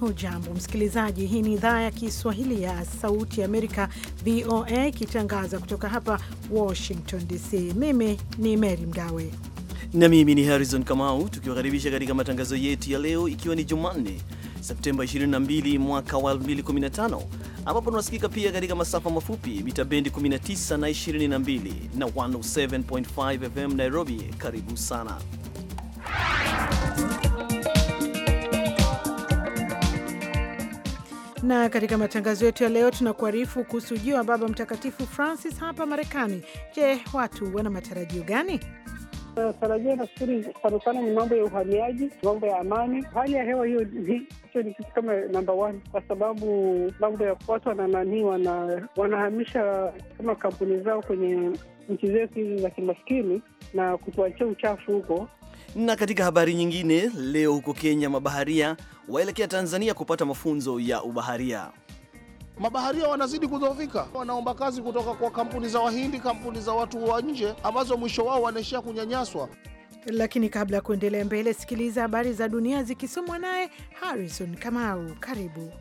Hujambo msikilizaji, hii ni idhaa ya Kiswahili ya Sauti ya Amerika, VOA, ikitangaza kutoka hapa Washington DC. Mimi ni Mary Mgawe na mimi ni Harrison Kamau, tukiwakaribisha katika matangazo yetu ya leo, ikiwa ni Jumanne Septemba 22 mwaka wa 2015 ambapo tunasikika pia katika masafa mafupi mita bendi 19 na 22 na 107.5 FM Nairobi. Karibu sana Na katika matangazo yetu ya leo tunakuarifu kuhusu ujio wa Baba Mtakatifu Francis hapa Marekani. Je, watu wana matarajio gani? Tarajio nafikiri sana sana ni mambo ya uhamiaji, mambo ya amani, hali ya hewa. Hiyo hicho ni kitu kama namba one, kwa sababu mambo ya watu wanananii wana, wanahamisha kama kampuni zao kwenye nchi zetu hizi za kimaskini na kutuachia uchafu huko na katika habari nyingine leo, huko Kenya mabaharia waelekea Tanzania kupata mafunzo ya ubaharia. Mabaharia wanazidi kudhoofika, wanaomba kazi kutoka kwa kampuni za Wahindi, kampuni za watu wa nje, ambazo mwisho wao wanaishia kunyanyaswa. Lakini kabla ya kuendelea mbele, sikiliza habari za dunia zikisomwa naye Harrison Kamau. Karibu.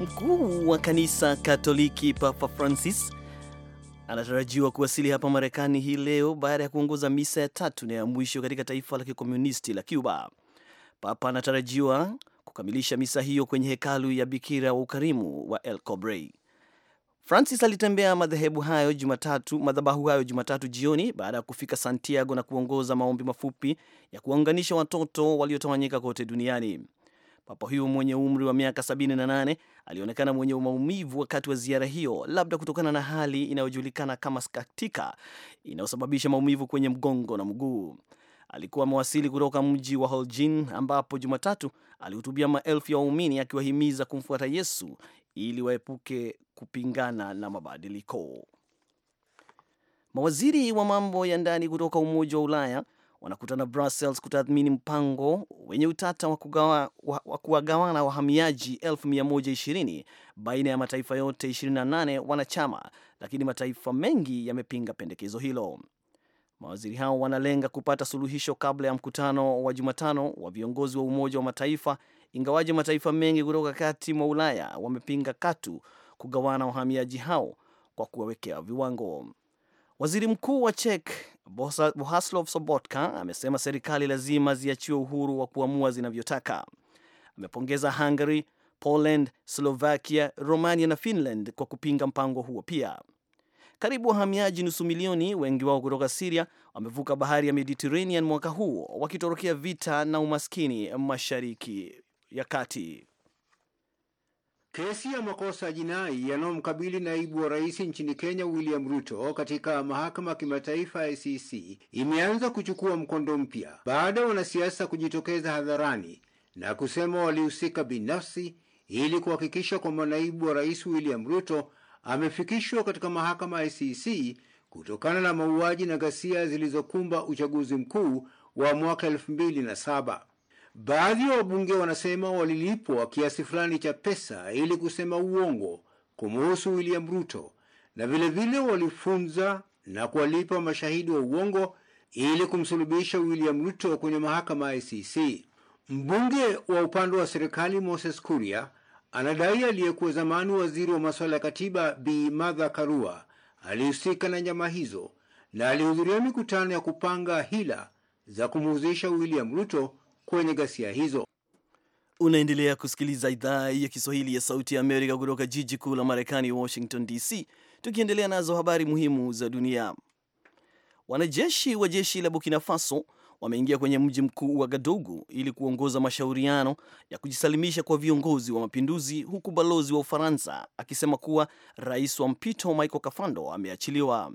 Mkuu wa kanisa Katoliki Papa Francis anatarajiwa kuwasili hapa Marekani hii leo baada ya kuongoza misa ya tatu na ya mwisho katika taifa la kikomunisti la Cuba. Papa anatarajiwa kukamilisha misa hiyo kwenye hekalu ya Bikira wa Ukarimu wa El Cobrei. Francis alitembea madhehebu hayo Jumatatu, madhabahu hayo Jumatatu jioni baada ya kufika Santiago na kuongoza maombi mafupi ya kuwaunganisha watoto waliotawanyika kote duniani. Papa huyo mwenye umri wa miaka 78 alionekana mwenye maumivu wakati wa ziara hiyo, labda kutokana na hali inayojulikana kama skatika inayosababisha maumivu kwenye mgongo na mguu. Alikuwa amewasili kutoka mji wa Holjin ambapo Jumatatu alihutubia maelfu ya waumini akiwahimiza kumfuata Yesu ili waepuke kupingana na mabadiliko. Mawaziri wa mambo ya ndani kutoka Umoja wa Ulaya wanakutana Brussels kutathmini mpango wenye utata wa kuwagawana wahamiaji 120,000 baina ya mataifa yote 28 wanachama, lakini mataifa mengi yamepinga pendekezo hilo. Mawaziri hao wanalenga kupata suluhisho kabla ya mkutano wa Jumatano wa viongozi wa Umoja wa Mataifa, ingawaje mataifa mengi kutoka kati mwa Ulaya wamepinga katu kugawana wahamiaji hao kwa kuwawekea viwango. Waziri Mkuu wa Czech Bohaslav Sobotka amesema serikali lazima ziachiwe uhuru wa kuamua zinavyotaka. Amepongeza Hungary, Poland, Slovakia, Romania na Finland kwa kupinga mpango huo. Pia karibu wahamiaji nusu milioni, wengi wao kutoka Siria, wamevuka bahari ya Mediterranean mwaka huo wakitorokea vita na umaskini mashariki ya kati. Kesi ya makosa ya jinai yanayomkabili naibu wa rais nchini Kenya William Ruto katika mahakama ya kimataifa ya ICC imeanza kuchukua mkondo mpya baada ya wanasiasa kujitokeza hadharani na kusema walihusika binafsi ili kuhakikisha kwamba naibu wa rais William Ruto amefikishwa katika mahakama ya ICC kutokana na mauaji na ghasia zilizokumba uchaguzi mkuu wa mwaka elfu mbili na saba. Baadhi ya wabunge wanasema walilipwa kiasi fulani cha pesa ili kusema uongo kumuhusu William Ruto, na vilevile walifunza na kuwalipa mashahidi wa uongo ili kumsulubisha William Ruto kwenye mahakama ya ICC. Mbunge wa upande wa serikali Moses Kuria anadai aliyekuwa zamani waziri wa masuala ya katiba Bi Martha Karua alihusika na nyama hizo na alihudhuria mikutano ya kupanga hila za kumuhuzisha William Ruto kwenye ghasia hizo. Unaendelea kusikiliza idhaa ya Kiswahili ya Sauti ya Amerika kutoka jiji kuu la Marekani, Washington DC, tukiendelea nazo habari muhimu za dunia. Wanajeshi wa jeshi la Burkina Faso wameingia kwenye mji mkuu wa Gadugu ili kuongoza mashauriano ya kujisalimisha kwa viongozi wa mapinduzi, huku balozi wa Ufaransa akisema kuwa rais wa mpito Michael Kafando ameachiliwa.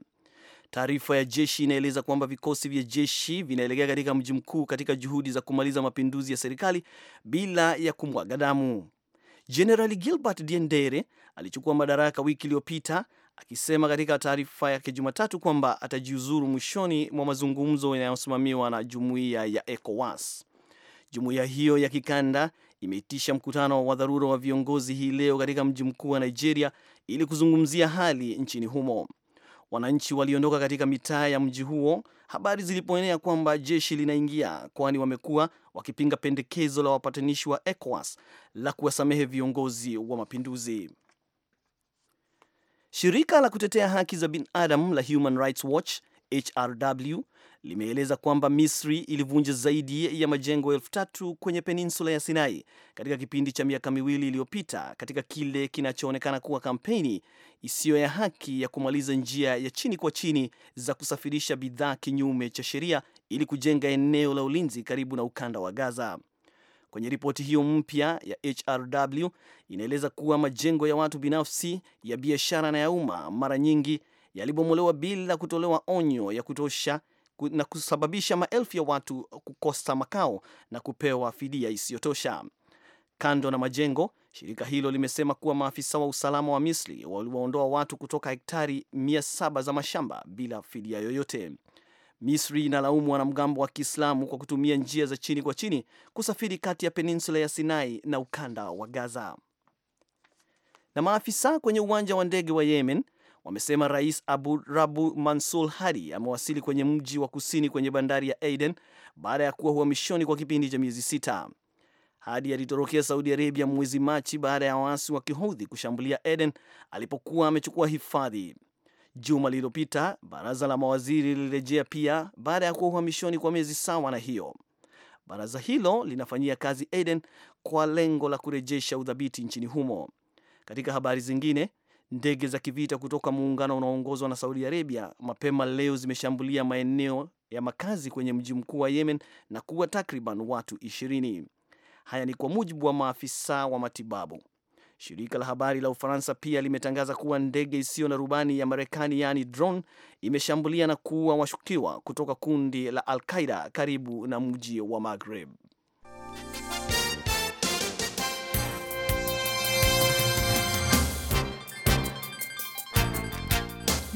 Taarifa ya jeshi inaeleza kwamba vikosi vya jeshi vinaelekea katika mji mkuu katika juhudi za kumaliza mapinduzi ya serikali bila ya kumwaga damu. Jenerali Gilbert Diendere alichukua madaraka wiki iliyopita akisema katika taarifa yake Jumatatu kwamba atajiuzuru mwishoni mwa mazungumzo yanayosimamiwa na jumuiya ya ECOWAS. Jumuiya hiyo ya kikanda imeitisha mkutano wa dharura wa viongozi hii leo katika mji mkuu wa Nigeria ili kuzungumzia hali nchini humo. Wananchi waliondoka katika mitaa ya mji huo habari zilipoenea kwamba jeshi linaingia, kwani wamekuwa wakipinga pendekezo la wapatanishi wa ECOWAS la kuwasamehe viongozi wa mapinduzi. Shirika la kutetea haki za binadamu la Human Rights Watch HRW limeeleza kwamba Misri ilivunja zaidi ya majengo elfu tatu kwenye peninsula ya Sinai katika kipindi cha miaka miwili iliyopita katika kile kinachoonekana kuwa kampeni isiyo ya haki ya kumaliza njia ya chini kwa chini za kusafirisha bidhaa kinyume cha sheria ili kujenga eneo la ulinzi karibu na ukanda wa Gaza. Kwenye ripoti hiyo mpya ya HRW inaeleza kuwa majengo ya watu binafsi, ya biashara na ya umma mara nyingi yalibomolewa bila kutolewa onyo ya kutosha na kusababisha maelfu ya watu kukosa makao na kupewa fidia isiyotosha. Kando na majengo, shirika hilo limesema kuwa maafisa wa usalama wa Misri waliwaondoa watu kutoka hektari 700 za mashamba bila fidia yoyote. Misri inalaumu wanamgambo wa Kiislamu kwa kutumia njia za chini kwa chini kusafiri kati ya peninsula ya Sinai na ukanda wa Gaza. Na maafisa kwenye uwanja wa ndege wa Yemen wamesema Rais Abu Rabu Mansur Hadi amewasili kwenye mji wa kusini kwenye bandari ya Aden baada ya kuwa uhamishoni kwa kipindi cha miezi sita. Hadi alitorokea Saudi Arabia mwezi Machi baada ya waasi wa kihudhi kushambulia Aden alipokuwa amechukua hifadhi. Juma lililopita baraza la mawaziri lilirejea pia baada ya kuwa uhamishoni kwa miezi sawa na hiyo. Baraza hilo linafanyia kazi Aden kwa lengo la kurejesha udhabiti nchini humo. Katika habari zingine, Ndege za kivita kutoka muungano unaoongozwa na Saudi Arabia mapema leo zimeshambulia maeneo ya makazi kwenye mji mkuu wa Yemen na kuwa takriban watu ishirini. Haya ni kwa mujibu wa maafisa wa matibabu. Shirika la habari la Ufaransa pia limetangaza kuwa ndege isiyo na rubani ya Marekani yaani drone imeshambulia na kuua washukiwa kutoka kundi la Al Qaida karibu na mji wa Maghreb.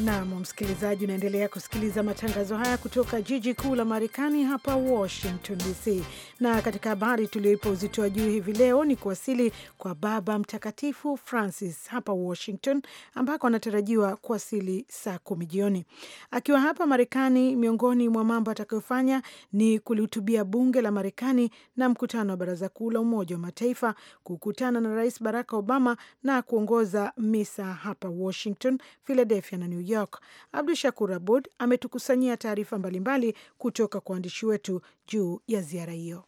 Nam msikilizaji, unaendelea kusikiliza matangazo haya kutoka jiji kuu la Marekani hapa Washington DC. Na katika habari tuliyoipa uzito wa juu hivi leo ni kuwasili kwa Baba Mtakatifu Francis hapa Washington, ambako anatarajiwa kuwasili saa kumi jioni. Akiwa hapa Marekani, miongoni mwa mambo atakayofanya ni kulihutubia bunge la Marekani na mkutano wa Baraza Kuu la Umoja wa Mataifa, kukutana na Rais Barack Obama na kuongoza misa hapa Washington, Philadelphia na New York. Abdu Shakur Abud ametukusanyia taarifa mbalimbali kutoka kwa waandishi wetu juu ya ziara hiyo.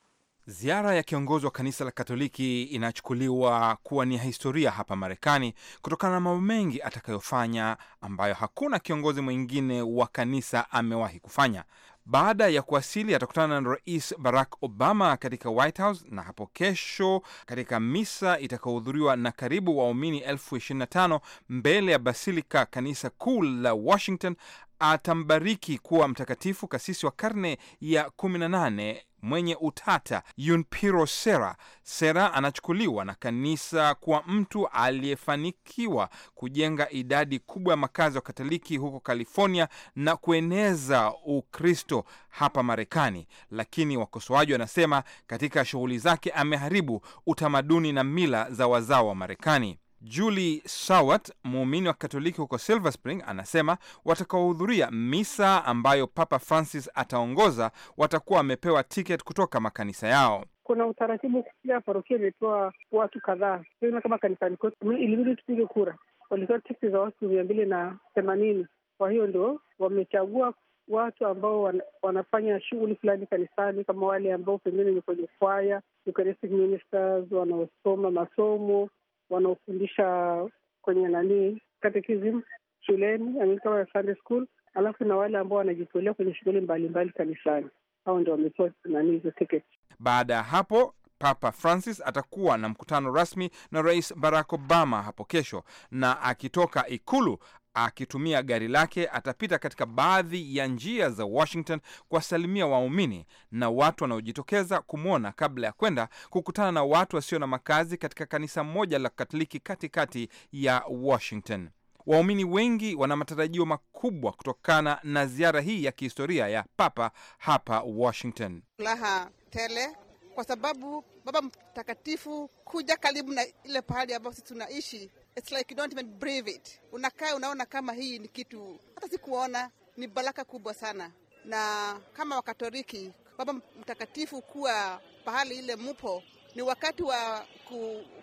Ziara ya kiongozi wa kanisa la Katoliki inachukuliwa kuwa ni ya historia hapa Marekani kutokana na mambo mengi atakayofanya ambayo hakuna kiongozi mwingine wa kanisa amewahi kufanya. Baada ya kuwasili atakutana na Rais Barack Obama katika White House, na hapo kesho katika misa itakaohudhuriwa na karibu waumini elfu 25 mbele ya basilika kanisa kuu la Washington atambariki kuwa mtakatifu kasisi wa karne ya 18 mwenye utata Yunpiro Sera. Sera anachukuliwa na kanisa kuwa mtu aliyefanikiwa kujenga idadi kubwa ya makazi wa Katoliki huko California na kueneza Ukristo hapa Marekani, lakini wakosoaji wanasema katika shughuli zake ameharibu utamaduni na mila za wazao wa Marekani. Julie Sawat, muumini wa Katoliki huko Silver Spring, anasema watakaohudhuria misa ambayo Papa Francis ataongoza watakuwa wamepewa tiket kutoka makanisa yao. Kuna utaratibu, kila parokia imepewa watu kadhaa. Kama kanisani kwetu ilibidi tupige kura, walitoa tiketi za watu mia mbili na themanini. Kwa hiyo ndio wamechagua watu ambao wanafanya shughuli fulani kanisani, kama wale ambao pengine ni kwenye kwaya, Eucharistic ministers, wanaosoma masomo wanaofundisha kwenye nani catechism shuleni kama Sunday school, alafu na wale ambao wanajitolea kwenye shughuli mbalimbali kanisani. Hao ndio wamepewa nani hizo tiketi. Baada ya hapo Papa Francis atakuwa na mkutano rasmi na Rais Barack Obama hapo kesho, na akitoka Ikulu akitumia gari lake atapita katika baadhi ya njia za Washington kuwasalimia waumini na watu wanaojitokeza kumwona kabla ya kwenda kukutana na watu wasio na makazi katika kanisa moja la Katoliki katikati ya Washington. Waumini wengi wana matarajio makubwa kutokana na ziara hii ya kihistoria ya Papa hapa Washington. Laha tele kwa sababu Baba Mtakatifu kuja karibu na ile pahali ambayo sisi tunaishi, it's like you don't even breathe it. Unakaa unaona kama hii ni kitu hata sikuona. Ni baraka kubwa sana, na kama Wakatoliki, Baba Mtakatifu kuwa pahali ile mupo ni wakati wa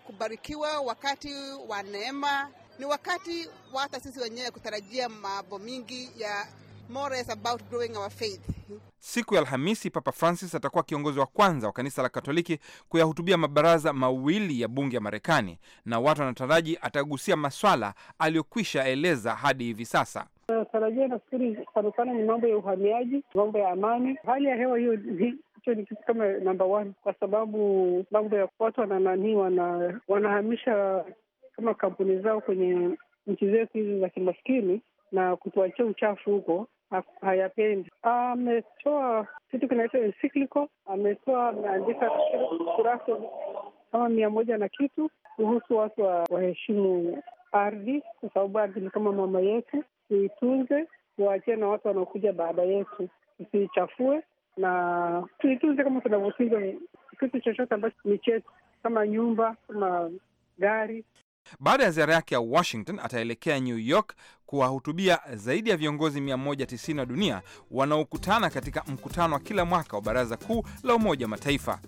kubarikiwa, wakati wa neema, ni wakati wa hata sisi wenyewe kutarajia mambo mingi ya more is about growing our faith. Siku ya Alhamisi Papa Francis atakuwa kiongozi wa kwanza wa kanisa la Katoliki kuyahutubia mabaraza mawili ya bunge ya Marekani, na watu wanataraji atagusia maswala aliyokwisha eleza hadi hivi sasa. Natarajia nafikiri sanasana ni mambo ya uhamiaji, mambo ya amani, hali ya hewa hiyo hicho ni kitu kama namba one, kwa sababu mambo ya watu wanananii wana, wanahamisha kama kampuni zao kwenye nchi zetu hizi za kimaskini na kutuachia uchafu huko hayapendi. Ametoa kitu kinaitwa encyclical, ametoa ameandika kurasa kama mia moja na kitu kuhusu watu waheshimu ardhi, kwa sababu ardhi ni kama mama yetu, tuitunze, tuwaachie na watu wanaokuja baada yetu, tusiichafue na tuitunze kama tunavyotunza kitu chochote ambacho ni chetu, kama nyumba, kama gari. Baada ya ziara yake ya Washington, ataelekea New York kuwahutubia zaidi ya viongozi 190 wa dunia wanaokutana katika mkutano wa kila mwaka wa Baraza Kuu la Umoja wa Mataifa.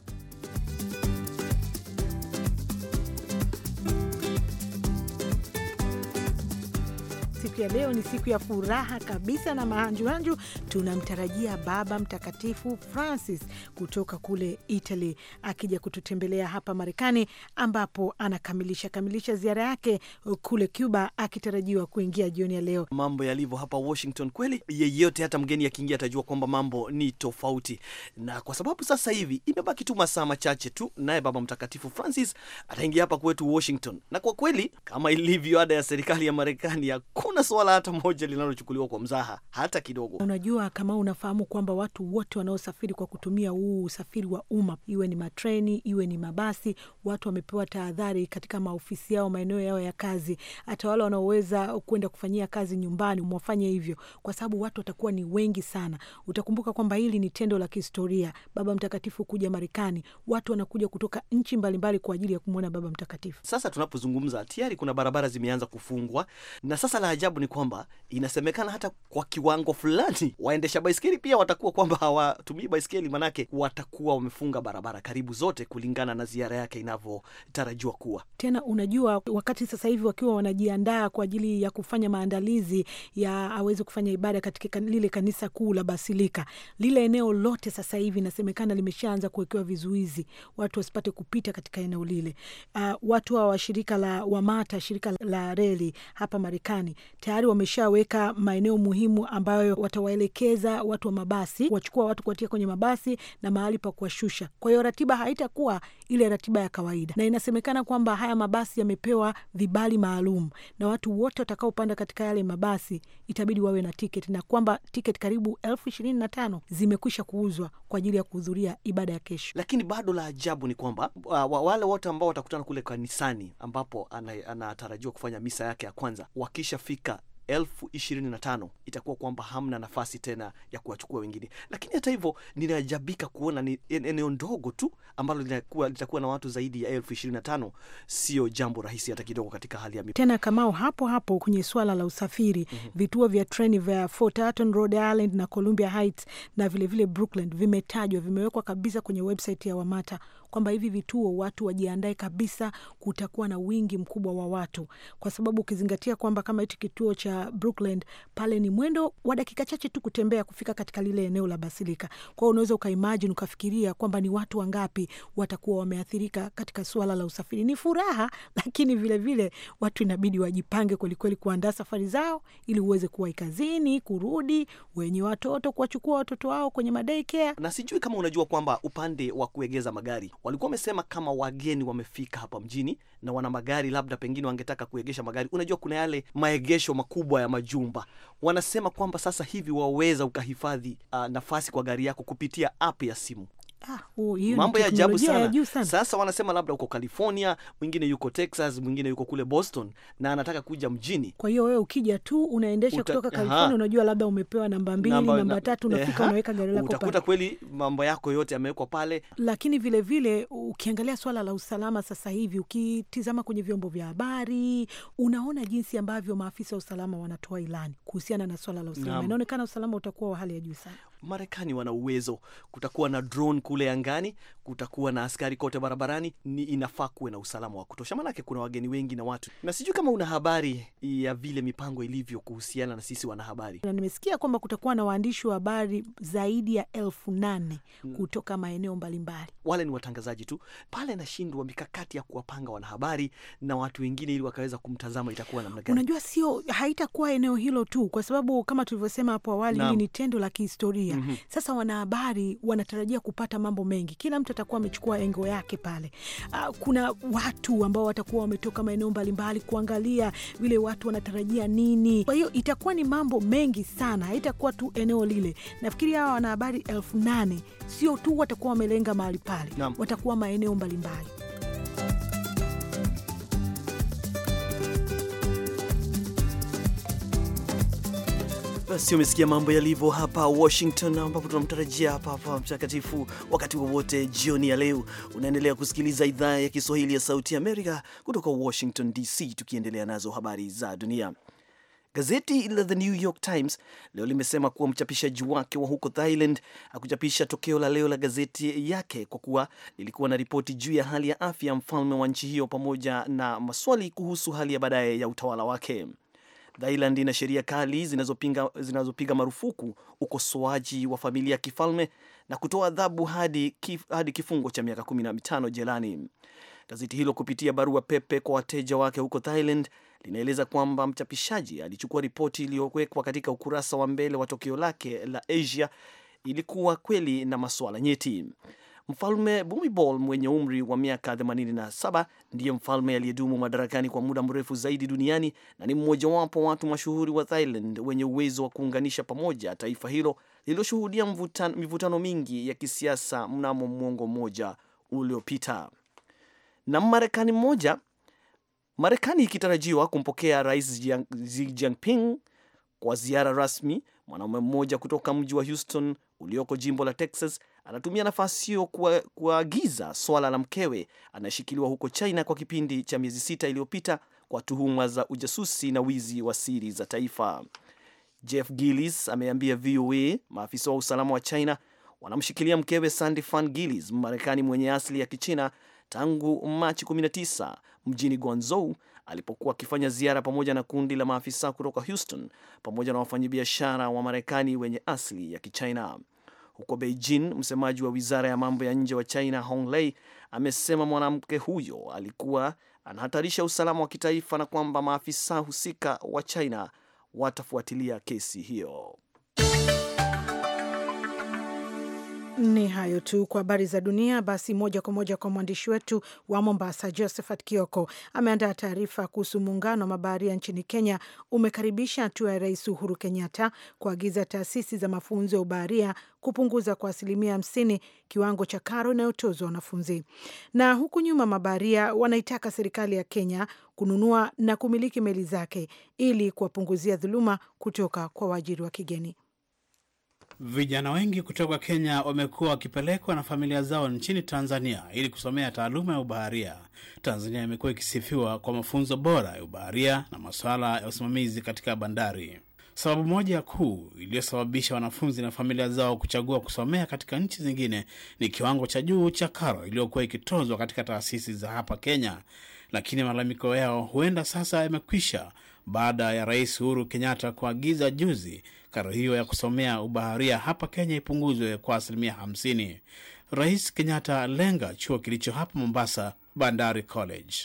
siku ya leo ni siku ya furaha kabisa na mahanjuhanju. Tunamtarajia Baba Mtakatifu Francis kutoka kule Italy akija kututembelea hapa Marekani, ambapo anakamilisha kamilisha ziara yake kule Cuba, akitarajiwa kuingia jioni ya leo. Mambo yalivyo hapa Washington kweli, yeyote hata mgeni akiingia atajua kwamba mambo ni tofauti, na kwa sababu sasa hivi imebaki tu masaa machache tu, naye Baba Mtakatifu Francis ataingia hapa kwetu Washington, na kwa kweli kama ilivyo ada ya serikali ya Marekani hakuna hakuna suala hata moja linalochukuliwa kwa mzaha hata kidogo. Unajua, kama unafahamu kwamba watu wote wanaosafiri kwa kutumia huu usafiri wa umma, iwe ni matreni, iwe ni mabasi, watu wamepewa tahadhari katika maofisi yao, maeneo yao ya kazi. Hata wale wanaoweza kwenda kufanyia kazi nyumbani, mwafanye hivyo, kwa sababu watu watakuwa ni wengi sana. Utakumbuka kwamba hili ni tendo la kihistoria, Baba Mtakatifu kuja Marekani. Watu wanakuja kutoka nchi mbalimbali kwa ajili ya kumwona Baba Mtakatifu. Sasa tunapozungumza, tayari kuna barabara zimeanza kufungwa na sasa la ajabu ajabu ni kwamba inasemekana hata kwa kiwango fulani waendesha baiskeli pia watakuwa kwamba hawatumii baiskeli, manake watakuwa wamefunga barabara karibu zote, kulingana na ziara yake inavyotarajiwa kuwa. Tena unajua, wakati sasa hivi wakiwa wanajiandaa kwa ajili ya kufanya maandalizi ya aweze kufanya ibada katika kan, lile kanisa kuu la Basilika, lile eneo lote sasa hivi inasemekana limeshaanza kuwekewa vizuizi, watu wasipate kupita katika eneo lile. Uh, watu wa washirika la WAMATA, shirika la reli hapa Marekani tayari wameshaweka maeneo muhimu ambayo watawaelekeza watu wa mabasi, wachukua watu kuwatia kwenye mabasi na mahali pa kuwashusha. Kwa hiyo ratiba haitakuwa ile ratiba ya kawaida, na inasemekana kwamba haya mabasi yamepewa vibali maalum, na watu wote watakaopanda katika yale mabasi itabidi wawe na tiketi, na kwamba tiketi karibu elfu ishirini na tano zimekwisha kuuzwa kwa ajili ya kuhudhuria ibada ya kesho. Lakini bado la ajabu ni kwamba uh, wale wote ambao watakutana kule kanisani ambapo anatarajiwa ana kufanya misa yake ya kwanza wakishafika elfu ishirini na tano itakuwa kwamba hamna nafasi tena ya kuwachukua wengine. Lakini hata hivyo, ninajabika kuona ni eneo ndogo tu ambalo litakuwa, litakuwa na watu zaidi ya elfu ishirini na tano. Sio jambo rahisi hata kidogo katika hali ya Tena kamao hapo hapo kwenye suala la usafiri mm -hmm. Vituo vya treni vya Fort Hutton, Rhode Island na Columbia Heights na vilevile Brooklyn vimetajwa, vimewekwa kabisa kwenye website ya WAMATA kwamba hivi vituo watu wajiandae kabisa, kutakuwa na wingi mkubwa wa watu, kwa sababu ukizingatia kwamba kama hichi kituo cha Brookland pale ni mwendo wa dakika chache tu kutembea kufika katika lile eneo la Basilika. Kwa hiyo unaweza ukaimajini ukafikiria kwamba ni watu wangapi watakuwa wameathirika katika suala la usafiri. Ni furaha, lakini vilevile vile, watu inabidi wajipange kwelikweli kuandaa safari zao ili uweze kuwahi kazini, kurudi, wenye watoto kuwachukua watoto wao kwenye madaycare. Na sijui kama unajua kwamba upande wa kuegeza magari walikuwa wamesema kama wageni wamefika hapa mjini na wana magari, labda pengine wangetaka kuegesha magari. Unajua kuna yale maegesho makubwa ya majumba, wanasema kwamba sasa hivi waweza ukahifadhi uh, nafasi kwa gari yako kupitia app ya simu. Ah, oh, mambo ya ajabu sana. Sasa wanasema labda uko California, mwingine yuko Texas, mwingine yuko kule Boston na anataka kuja mjini. Kwa hiyo wewe ukija tu unaendesha Uta... kutoka California, unajua labda umepewa namba mbili, namba, namba tatu, unafika unaweka gari lako pale. Utakuta kweli mambo yako yote yamewekwa pale. Lakini vile vile ukiangalia swala la usalama sasa hivi, ukitizama kwenye vyombo vya habari, unaona jinsi ambavyo maafisa wa usalama wanatoa ilani kuhusiana na swala la usalama. Inaonekana usalama utakuwa wa hali ya juu sana. Marekani wana uwezo, kutakuwa na drone kule angani, kutakuwa na askari kote barabarani. Ni inafaa kuwe na usalama wa kutosha, maanake kuna wageni wengi na watu, na sijui kama una habari ya vile mipango ilivyo kuhusiana na sisi wanahabari, na nimesikia kwamba kutakuwa na waandishi wa habari zaidi ya elfu nane hmm. kutoka maeneo mbalimbali. Wale ni watangazaji tu pale, nashindwa mikakati ya kuwapanga wanahabari na watu wengine ili wakaweza kumtazama itakuwa namna gani. Unajua sio, haitakuwa eneo hilo tu tu, kwa sababu kama tulivyosema hapo awali, hili ni tendo la kihistoria. mm -hmm. Sasa wanahabari wanatarajia kupata mambo mengi, kila mtu atakuwa amechukua engo yake pale. Uh, kuna watu ambao watakuwa wametoka maeneo mbalimbali kuangalia vile watu wanatarajia nini. Kwa hiyo itakuwa ni mambo mengi sana, haitakuwa tu eneo lile. Nafikiri hawa wanahabari elfu nane sio tu watakuwa wamelenga mahali pale, watakuwa maeneo mbalimbali. Basi umesikia mambo yalivyo hapa Washington, ambapo tunamtarajia hapa hapa mtakatifu wakati wowote jioni ya leo. Unaendelea kusikiliza idhaa ya Kiswahili ya Sauti Amerika kutoka Washington DC, tukiendelea nazo habari za dunia. Gazeti la The New York Times leo limesema kuwa mchapishaji wake wa huko Thailand hakuchapisha tokeo la leo la gazeti yake kwa kuwa lilikuwa na ripoti juu ya hali ya afya mfalme wa nchi hiyo pamoja na maswali kuhusu hali ya baadaye ya utawala wake. Thailand ina sheria kali zinazopinga zinazopiga marufuku ukosoaji wa familia ya kifalme na kutoa adhabu hadi, kif, hadi kifungo cha miaka 15 jelani. Gazeti hilo kupitia barua pepe kwa wateja wake huko Thailand linaeleza kwamba mchapishaji alichukua ripoti iliyowekwa katika ukurasa wa mbele wa tokeo lake la Asia ilikuwa kweli na masuala nyeti. Mfalme Bhumibol mwenye umri wa miaka 87 ndiye mfalme aliyedumu madarakani kwa muda mrefu zaidi duniani na ni mmojawapo watu mashuhuri wa Thailand wenye uwezo wa kuunganisha pamoja taifa hilo lililoshuhudia mivutano mingi ya kisiasa mnamo mwongo mmoja uliopita. Na Marekani mmoja Marekani ikitarajiwa kumpokea Rais Xi Jinping kwa ziara rasmi, mwanaume mmoja kutoka mji wa Houston ulioko jimbo la Texas Anatumia nafasi hiyo kuagiza swala la mkewe anayeshikiliwa huko China kwa kipindi cha miezi sita iliyopita kwa tuhuma za ujasusi na wizi wa siri za taifa. Jeff Gillis ameambia VOA maafisa wa usalama wa China wanamshikilia mkewe Sandy Fan Gillis, Marekani mwenye asili ya Kichina tangu Machi 19 mjini Guangzhou alipokuwa akifanya ziara pamoja na kundi la maafisa kutoka Houston pamoja na wafanyabiashara wa Marekani wenye asili ya Kichina. Huko Beijing, msemaji wa wizara ya mambo ya nje wa China Hong Lei amesema mwanamke huyo alikuwa anahatarisha usalama wa kitaifa na kwamba maafisa husika wa China watafuatilia kesi hiyo. Ni hayo tu kwa habari za dunia. Basi moja kwa moja kwa mwandishi wetu wa Mombasa, Josephat Kioko ameandaa taarifa kuhusu muungano wa mabaharia nchini Kenya umekaribisha hatua ya Rais Uhuru Kenyatta kuagiza taasisi za mafunzo ya ubaharia kupunguza kwa asilimia hamsini kiwango cha karo inayotozwa wanafunzi. Na huku nyuma mabaharia wanaitaka serikali ya Kenya kununua na kumiliki meli zake ili kuwapunguzia dhuluma kutoka kwa waajiri wa kigeni. Vijana wengi kutoka Kenya wamekuwa wakipelekwa na familia zao nchini Tanzania ili kusomea taaluma ya ubaharia. Tanzania imekuwa ikisifiwa kwa mafunzo bora ya ubaharia na masuala ya usimamizi katika bandari. Sababu moja kuu iliyosababisha wanafunzi na familia zao kuchagua kusomea katika nchi zingine ni kiwango cha juu cha karo iliyokuwa ikitozwa katika taasisi za hapa Kenya, lakini malalamiko yao huenda sasa yamekwisha baada ya Rais Uhuru Kenyatta kuagiza juzi karo hiyo ya kusomea ubaharia hapa Kenya ipunguzwe kwa asilimia 50. Rais Kenyatta lenga chuo kilicho hapa Mombasa, Bandari College.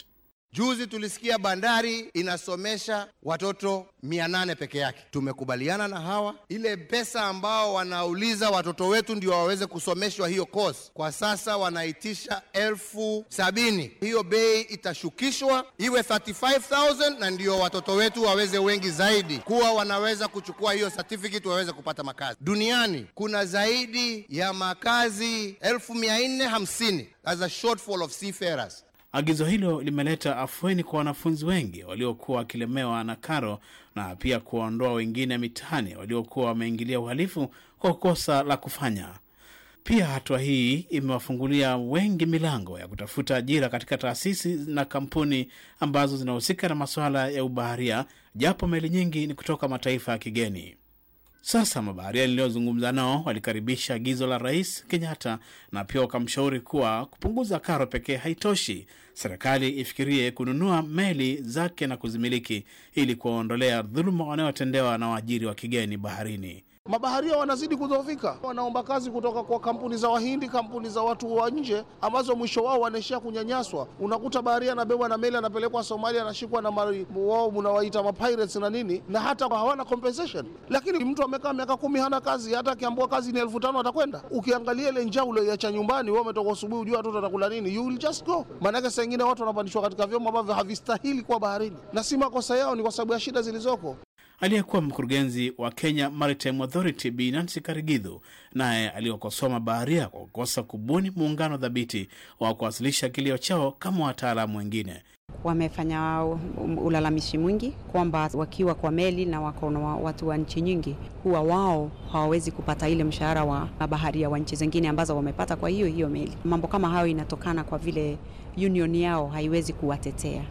Juzi tulisikia bandari inasomesha watoto mia nane peke yake. Tumekubaliana na hawa, ile pesa ambao wanauliza watoto wetu ndio waweze kusomeshwa hiyo course, kwa sasa wanaitisha elfu sabini. Hiyo bei itashukishwa iwe 35000 na ndio watoto wetu waweze wengi zaidi kuwa wanaweza kuchukua hiyo certificate, waweze kupata makazi. Duniani kuna zaidi ya makazi elfu mia nne hamsini as a shortfall of seafarers. Agizo hilo limeleta afueni kwa wanafunzi wengi waliokuwa wakilemewa na karo na pia kuwaondoa wengine mitaani waliokuwa wameingilia uhalifu kwa kosa la kufanya. Pia hatua hii imewafungulia wengi milango ya kutafuta ajira katika taasisi na kampuni ambazo zinahusika na masuala ya ubaharia, japo meli nyingi ni kutoka mataifa ya kigeni. Sasa mabaharia niliyozungumza nao walikaribisha agizo la Rais Kenyatta na pia wakamshauri kuwa kupunguza karo pekee haitoshi, serikali ifikirie kununua meli zake na kuzimiliki ili kuwaondolea dhuluma wanayotendewa na waajiri wa kigeni baharini. Mabaharia wanazidi kudhoofika, wanaomba kazi kutoka kwa kampuni za Wahindi, kampuni za watu wa nje, ambazo mwisho wao wanaishia kunyanyaswa. Unakuta baharia anabebwa na meli, anapelekwa Somalia, anashikwa na wao, mnawaita mapirates na nini, na hata hawana compensation. Lakini mtu amekaa miaka kumi hana kazi, hata akiambua kazi ni elfu tano atakwenda. Ukiangalia ile njaa uloiacha nyumbani, wewe umetoka asubuhi, ujua watoto atakula nini, you will just go. Maanake saa ingine watu wanapandishwa katika vyombo ambavyo havistahili kuwa baharini, na si makosa yao, ni kwa sababu ya shida zilizoko. Aliyekuwa mkurugenzi wa Kenya Maritime Authority Bi Nancy Karigidhu naye aliwakosoa mabaharia kwa kukosa kubuni muungano dhabiti wa kuwasilisha kilio chao kama wataalamu wengine. Wamefanya ulalamishi mwingi kwamba wakiwa kwa meli na wako na watu wa nchi nyingi, huwa wao hawawezi kupata ile mshahara wa mabaharia wa nchi zingine ambazo wamepata kwa hiyo hiyo meli. Mambo kama hayo inatokana kwa vile union yao haiwezi kuwatetea.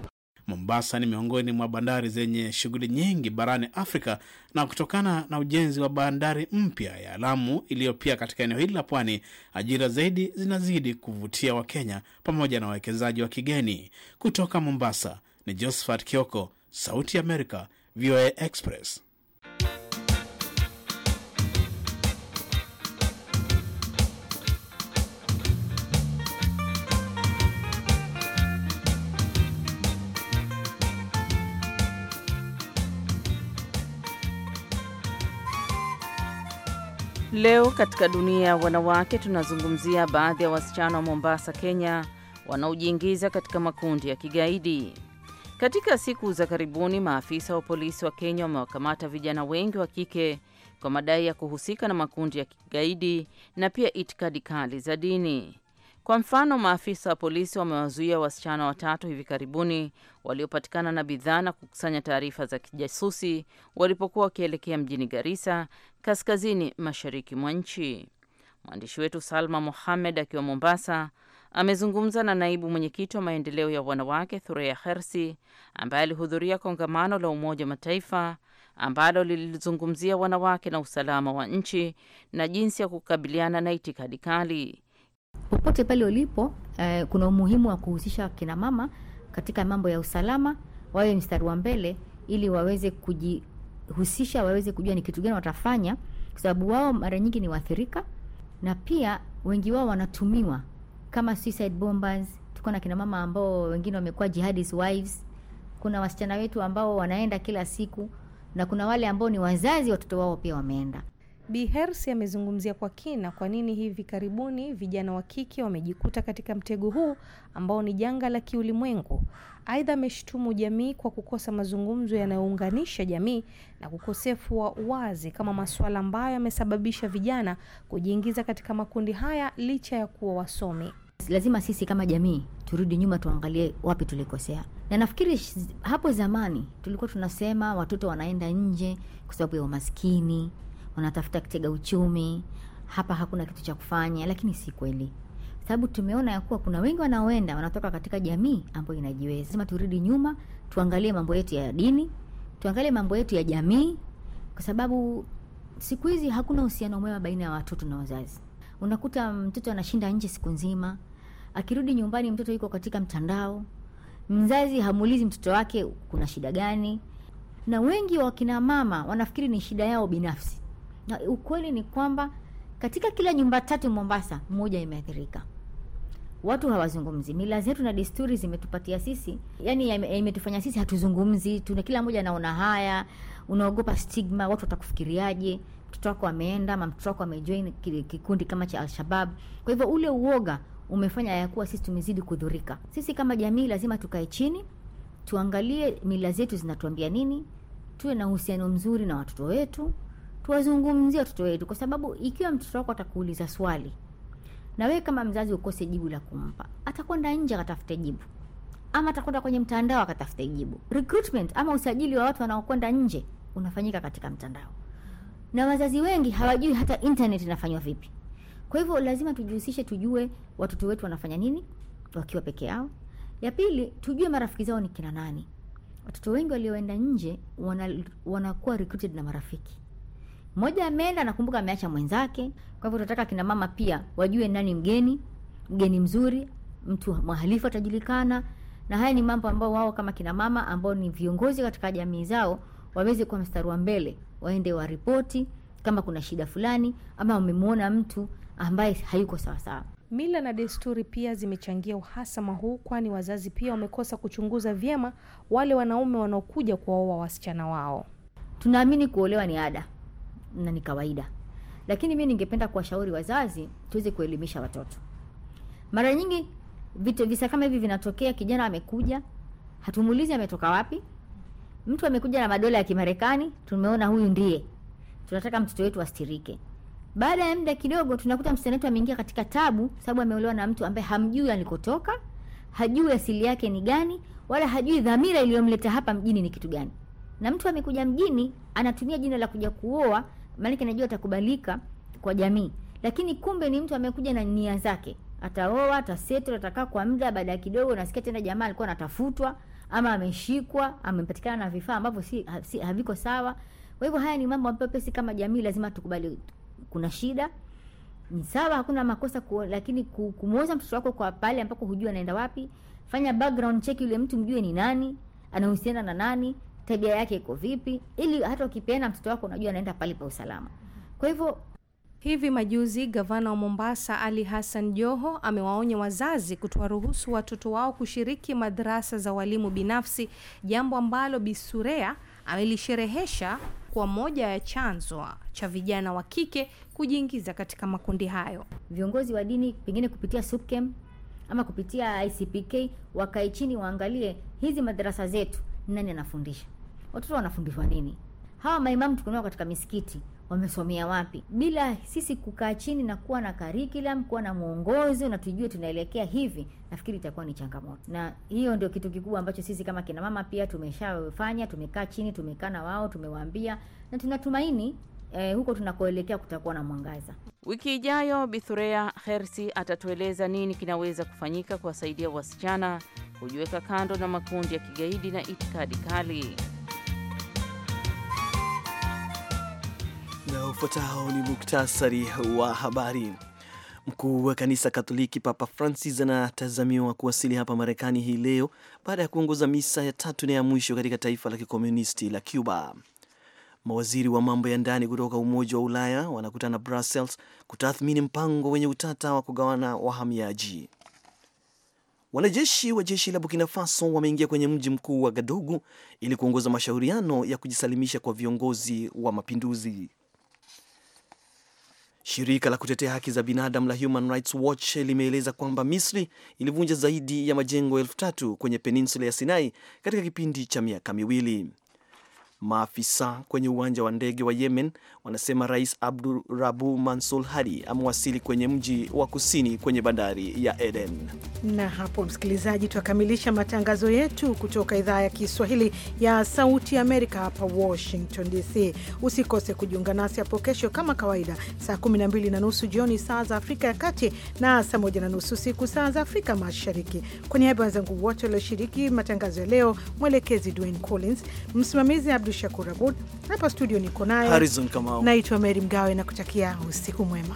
Mombasa ni miongoni mwa bandari zenye shughuli nyingi barani Afrika, na kutokana na ujenzi wa bandari mpya ya Lamu iliyo pia katika eneo hili la pwani, ajira zaidi zinazidi kuvutia Wakenya pamoja na wawekezaji wa kigeni. Kutoka Mombasa ni Josephat Kioko, Sauti ya Amerika, VOA Express. Leo katika dunia ya wanawake tunazungumzia baadhi ya wasichana wa Mombasa, Kenya wanaojiingiza katika makundi ya kigaidi. Katika siku za karibuni, maafisa wa polisi wa Kenya wamewakamata vijana wengi wa kike kwa madai ya kuhusika na makundi ya kigaidi na pia itikadi kali za dini. Kwa mfano, maafisa wa polisi wamewazuia wasichana watatu hivi karibuni waliopatikana na bidhaa na kukusanya taarifa za kijasusi walipokuwa wakielekea mjini Garissa, kaskazini mashariki mwa nchi. Mwandishi wetu Salma Mohamed akiwa Mombasa amezungumza na naibu mwenyekiti wa maendeleo ya wanawake Thureya Hersi ambaye alihudhuria kongamano la Umoja wa Mataifa ambalo lilizungumzia wanawake na usalama wa nchi na jinsi ya kukabiliana na itikadi kali. Popote pale ulipo eh, kuna umuhimu wa kuhusisha kina mama katika mambo ya usalama, wawe mstari wa mbele ili waweze kujihusisha, waweze kujua ni kitu gani watafanya, kwa sababu wao mara nyingi ni waathirika, na pia wengi wao wanatumiwa kama suicide bombers. Tuko na kina mama ambao wengine wamekuwa jihadist wives. Kuna wasichana wetu ambao wanaenda kila siku, na kuna wale ambao ni wazazi, watoto wao pia wameenda. Bi Hersi amezungumzia kwa kina kwa nini hivi karibuni vijana wa kike wamejikuta katika mtego huu ambao ni janga la kiulimwengu. Aidha, ameshtumu jamii kwa kukosa mazungumzo yanayounganisha jamii na ukosefu wa uwazi kama masuala ambayo yamesababisha vijana kujiingiza katika makundi haya licha ya kuwa wasomi. Lazima sisi kama jamii turudi nyuma, tuangalie wapi tulikosea, na nafikiri hapo zamani tulikuwa tunasema watoto wanaenda nje kwa sababu ya umaskini wanatafuta kitega uchumi, hapa hakuna kitu cha kufanya, lakini si kweli, sababu tumeona ya kuwa kuna wengi wanaoenda wanatoka katika jamii ambayo inajiweza. Lazima turudi nyuma, tuangalie mambo yetu ya dini, tuangalie mambo yetu ya jamii, kwa sababu siku hizi hakuna uhusiano mwema baina ya watoto na wazazi. Unakuta mtoto anashinda nje siku nzima, akirudi nyumbani mtoto yuko katika mtandao, mzazi hamuulizi mtoto wake kuna shida gani, na wengi wa kina mama wanafikiri ni shida yao binafsi na ukweli ni kwamba katika kila nyumba tatu Mombasa, moja imeathirika. Watu hawazungumzi. Mila zetu na desturi zimetupatia sisi, yani imetufanya sisi hatuzungumzi, tuna kila mmoja anaona haya, unaogopa stigma, watu watakufikiriaje? Mtoto wako ameenda ama mtoto wako amejoin kikundi kama cha Alshabab. Kwa hivyo ule uoga umefanya ya kuwa sisi tumezidi kudhurika. Sisi kama jamii lazima tukae chini, tuangalie mila zetu zinatuambia nini, tuwe na uhusiano mzuri na watoto wetu tuwazungumzie watoto wetu, kwa sababu ikiwa mtoto wako atakuuliza swali na wewe kama mzazi ukose jibu la kumpa, atakwenda nje akatafute jibu, ama atakwenda kwenye mtandao akatafute jibu. Recruitment ama usajili wa watu wanaokwenda nje unafanyika katika mtandao, na wazazi wengi hawajui hata internet inafanywa vipi. Kwa hivyo lazima tujihusishe, tujue watoto wetu wanafanya nini wakiwa peke yao. Ya pili, tujue marafiki zao ni kina nani. Watoto wengi walioenda nje wanakuwa wana recruited na marafiki mmoja ameenda, nakumbuka ameacha mwenzake. Kwa hivyo tunataka kina mama pia wajue nani mgeni, mgeni mzuri, mtu mwahalifu atajulikana, na haya ni mambo ambao wao kama kina mama ambao ni viongozi katika jamii zao waweze kuwa mstari wa mbele, waende waripoti kama kuna shida fulani ama wamemwona mtu ambaye hayuko sawasawa. Mila na desturi pia zimechangia uhasama huu, kwani wazazi pia wamekosa kuchunguza vyema wale wanaume wanaokuja kuwaoa wasichana wao. Tunaamini kuolewa ni ada, na ni kawaida, lakini mimi ningependa kuwashauri wazazi tuweze kuelimisha watoto. Mara nyingi vitu, visa kama hivi vinatokea. Kijana amekuja, hatumuulizi ametoka wapi. Mtu amekuja na madola ya Kimarekani, tumeona huyu ndiye tunataka mtoto wetu astirike. Baada ya muda kidogo, tunakuta msichana wetu ameingia katika tabu, sababu ameolewa na mtu ambaye hamjui alikotoka, hajui asili yake ni gani, wala hajui dhamira iliyomleta hapa mjini ni kitu gani. Na mtu amekuja mjini, anatumia jina la kuja kuoa maanake anajua atakubalika kwa jamii, lakini kumbe ni mtu amekuja na nia zake, ataoa, atasettle, atakaa kwa muda, baada ya kidogo unasikia tena jamaa alikuwa anatafutwa ama ameshikwa, amepatikana na vifaa ambavyo si, ha, si haviko sawa. Kwa hivyo haya ni mambo ambayo pesi kama jamii lazima tukubali, kuna shida ni sawa, hakuna makosa ku, lakini kumwoza mtoto wako kwa pale ambako hujua anaenda wapi. Fanya background check yule mtu, mjue ni nani, anahusiana na nani, tabia yake iko vipi, ili hata ukipeana mtoto wako unajua anaenda pale pa usalama. Kwa hivyo Hivi majuzi gavana wa Mombasa Ali Hassan Joho amewaonya wazazi kutowaruhusu watoto wao kushiriki madrasa za walimu binafsi, jambo ambalo Bisurea amelisherehesha kwa moja ya chanzo cha vijana wa kike kujiingiza katika makundi hayo. Viongozi wa dini pengine kupitia SUPKEM ama kupitia ICPK wakae chini waangalie hizi madrasa zetu, nani anafundisha watoto wanafundishwa nini? Hawa maimamu tukunao katika misikiti wamesomea wapi? Bila sisi kukaa chini na kuwa na curriculum, kuwa na mwongozo na tujue tunaelekea hivi, nafikiri itakuwa ni changamoto, na hiyo ndio kitu kikubwa ambacho sisi kama kina mama pia tumeshafanya. Tumekaa chini, tumekaa na wao, tumewaambia na tunatumaini eh, huko tunakoelekea kutakuwa na mwangaza. Wiki ijayo Bithurea Hersi atatueleza nini kinaweza kufanyika kuwasaidia wasichana kujiweka kando na makundi ya kigaidi na itikadi kali. na ufuatao ni muktasari wa habari. Mkuu wa kanisa Katoliki Papa Francis anatazamiwa kuwasili hapa Marekani hii leo baada ya kuongoza misa ya tatu na ya mwisho katika taifa la kikomunisti la Cuba. Mawaziri wa mambo ya ndani kutoka Umoja wa Ulaya wanakutana Brussels kutathmini mpango wenye utata wa kugawana wahamiaji. Wanajeshi wa jeshi la Burkina Faso wameingia kwenye mji mkuu wa Gadugu ili kuongoza mashauriano ya kujisalimisha kwa viongozi wa mapinduzi. Shirika la kutetea haki za binadamu la Human Rights Watch limeeleza kwamba Misri ilivunja zaidi ya majengo elfu tatu kwenye peninsula ya Sinai katika kipindi cha miaka miwili. Maafisa kwenye uwanja wa ndege wa Yemen wanasema Rais abdurabu Mansul Mansur Hadi amewasili kwenye mji wa kusini kwenye bandari ya Eden. Na hapo msikilizaji, tunakamilisha matangazo yetu kutoka idhaa ya Kiswahili ya Sauti ya Amerika hapa Washington DC. Usikose kujiunga nasi hapo kesho kama kawaida, saa 12 na nusu jioni saa za Afrika ya Kati na saa 1 na nusu siku saa za Afrika Mashariki. Kwa niaba ya wenzangu wote walioshiriki matangazo ya leo, mwelekezi Dwayne Collins, msimamizi Abdu Shakur Abud, hapa studio niko naye Harrison Naitwa Meri Mgawe na kutakia usiku mwema.